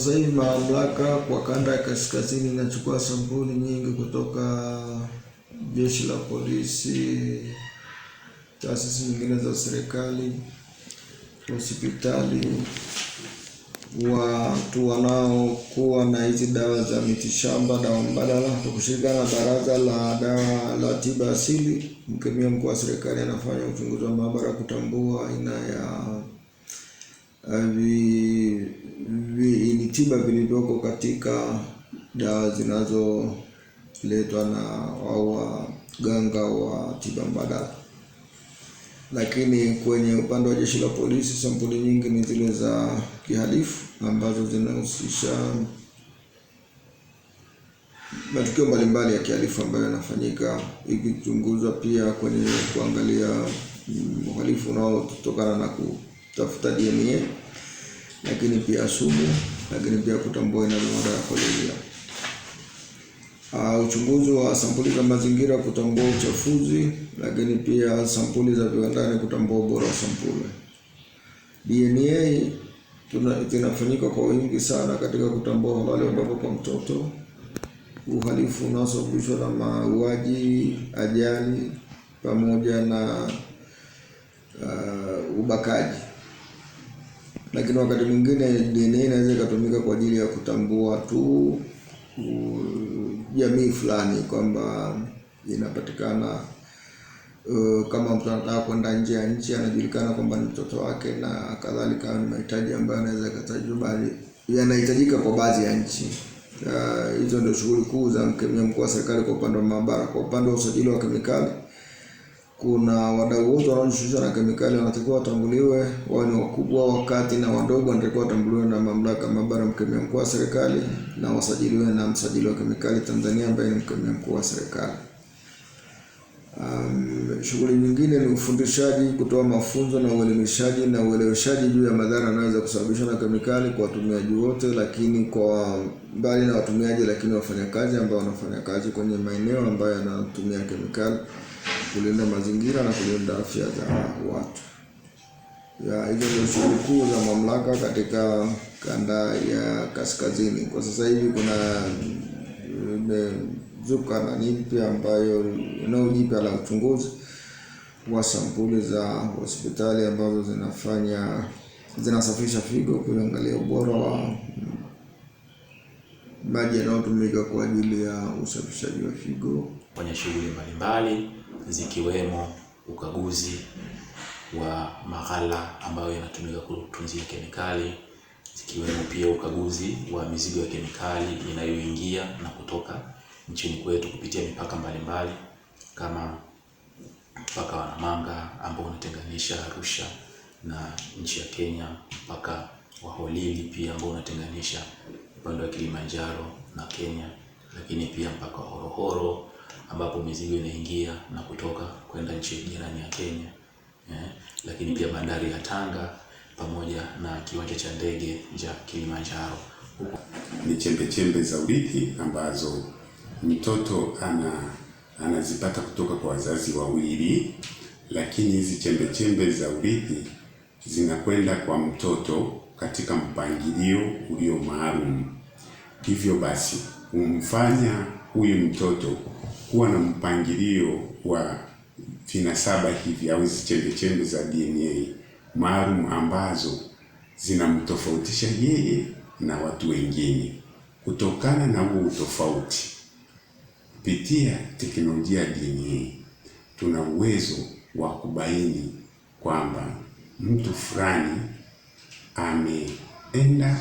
sasa hivi mamlaka kwa kanda ya kaskazini inachukua sampuli nyingi kutoka jeshi la polisi, taasisi nyingine za serikali, hospitali, watu wanaokuwa na hizi dawa za mitishamba, dawa mbadala, kwa kushirikiana na baraza la dawa la tiba asili. Mkemia mkuu wa serikali anafanya uchunguzi wa maabara kutambua aina ya ni tiba vilivyoko katika dawa zinazoletwa na wao waganga wa tiba mbadala. Lakini kwenye upande wa jeshi la polisi, sampuli nyingi ni zile za kihalifu ambazo zinahusisha matukio mbalimbali ya kihalifu ambayo yanafanyika, ikichunguzwa pia kwenye kuangalia uhalifu unaotokana na ku tafuta DNA lakini pia sumu, lakini pia kutambua ina madhara ya kolera. Uh, ah, uchunguzi wa sampuli za mazingira kutambua uchafuzi, lakini pia sampuli za viwandani kutambua ubora wa sampuli. DNA zinafanyika kwa wingi sana katika kutambua uhalali wa baba kwa mtoto, uhalifu unaosababishwa na mauaji, ajali pamoja na uh, ubakaji lakini wakati mwingine DNA inaweza ikatumika kwa ajili ya kutambua tu jamii fulani kwamba inapatikana uh, kama mtu anataka kwenda nje ya nchi anajulikana kwamba ni mtoto wake na kadhalika. Ni mahitaji ambayo anaweza akatajwa, bali yanahitajika kwa baadhi ya nchi. Hizo uh, ndio shughuli kuu za mkemia mkuu wa serikali kwa upande wa maabara. Kwa upande wa usajili wa kemikali kuna wadau wote wanaojishughulisha na kemikali wanatakiwa watambuliwe, wao ni wakubwa, wakati na wadogo, wanatakiwa watambuliwe na mamlaka maabara, mkemia mkuu wa serikali, na wasajiliwe na msajili wa kemikali Tanzania ambaye ni mkemia mkuu wa serikali. Um, shughuli nyingine ni ufundishaji, kutoa mafunzo na uelimishaji na ueleweshaji juu ya madhara yanayoweza kusababishwa na kemikali kwa watumiaji wote, lakini kwa mbali na watumiaji, lakini wafanyakazi ambao wanafanya kazi kwenye maeneo ambayo yanatumia kemikali kulinda mazingira na kulinda afya za watu. Ya, hizo ndio shughuli kuu za mamlaka katika kanda ya kaskazini. Kwa sasa hivi kuna imezuka na jipya ambayo eneo jipya la uchunguzi wa sampuli za hospitali ambazo zinafanya zinasafisha figo kuangalia ubora wa maji yanayotumika kwa ajili ya usafishaji wa figo kwenye shughuli mbalimbali zikiwemo ukaguzi wa maghala ambayo yanatumika kutunzia kemikali, zikiwemo pia ukaguzi wa mizigo ya kemikali inayoingia na kutoka nchini kwetu kupitia mipaka mbalimbali mbali, kama mpaka wa Namanga ambao unatenganisha Arusha na nchi ya Kenya, mpaka wa Holili pia ambao unatenganisha upande wa Kilimanjaro na Kenya, lakini pia mpaka wa Horohoro ambapo mizigo inaingia na kutoka kwenda nchi jirani ya Kenya eh, lakini pia bandari ya Tanga pamoja na kiwanja cha ndege cha Kilimanjaro. Ni chembe chembe za urithi ambazo mtoto ana anazipata kutoka kwa wazazi wawili, lakini hizi chembe chembe za urithi zinakwenda kwa mtoto katika mpangilio ulio maalum. Hivyo basi humfanya huyu mtoto kuwa na mpangilio wa vinasaba hivi au hizi chembe za DNA maalum ambazo zinamtofautisha yeye na watu wengine. Kutokana na huo utofauti, kupitia teknolojia ya DNA tuna uwezo wa kubaini kwamba mtu fulani ameenda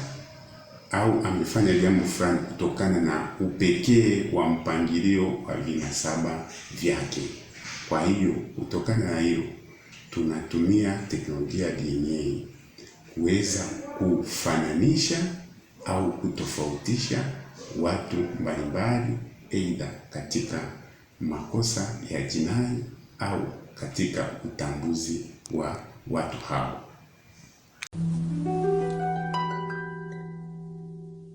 au amefanya jambo fulani kutokana na upekee wa mpangilio wa vinasaba vyake. Kwa hiyo kutokana na hiyo tunatumia teknolojia ya DNA kuweza kufananisha au kutofautisha watu mbalimbali, aidha katika makosa ya jinai au katika utambuzi wa watu hao.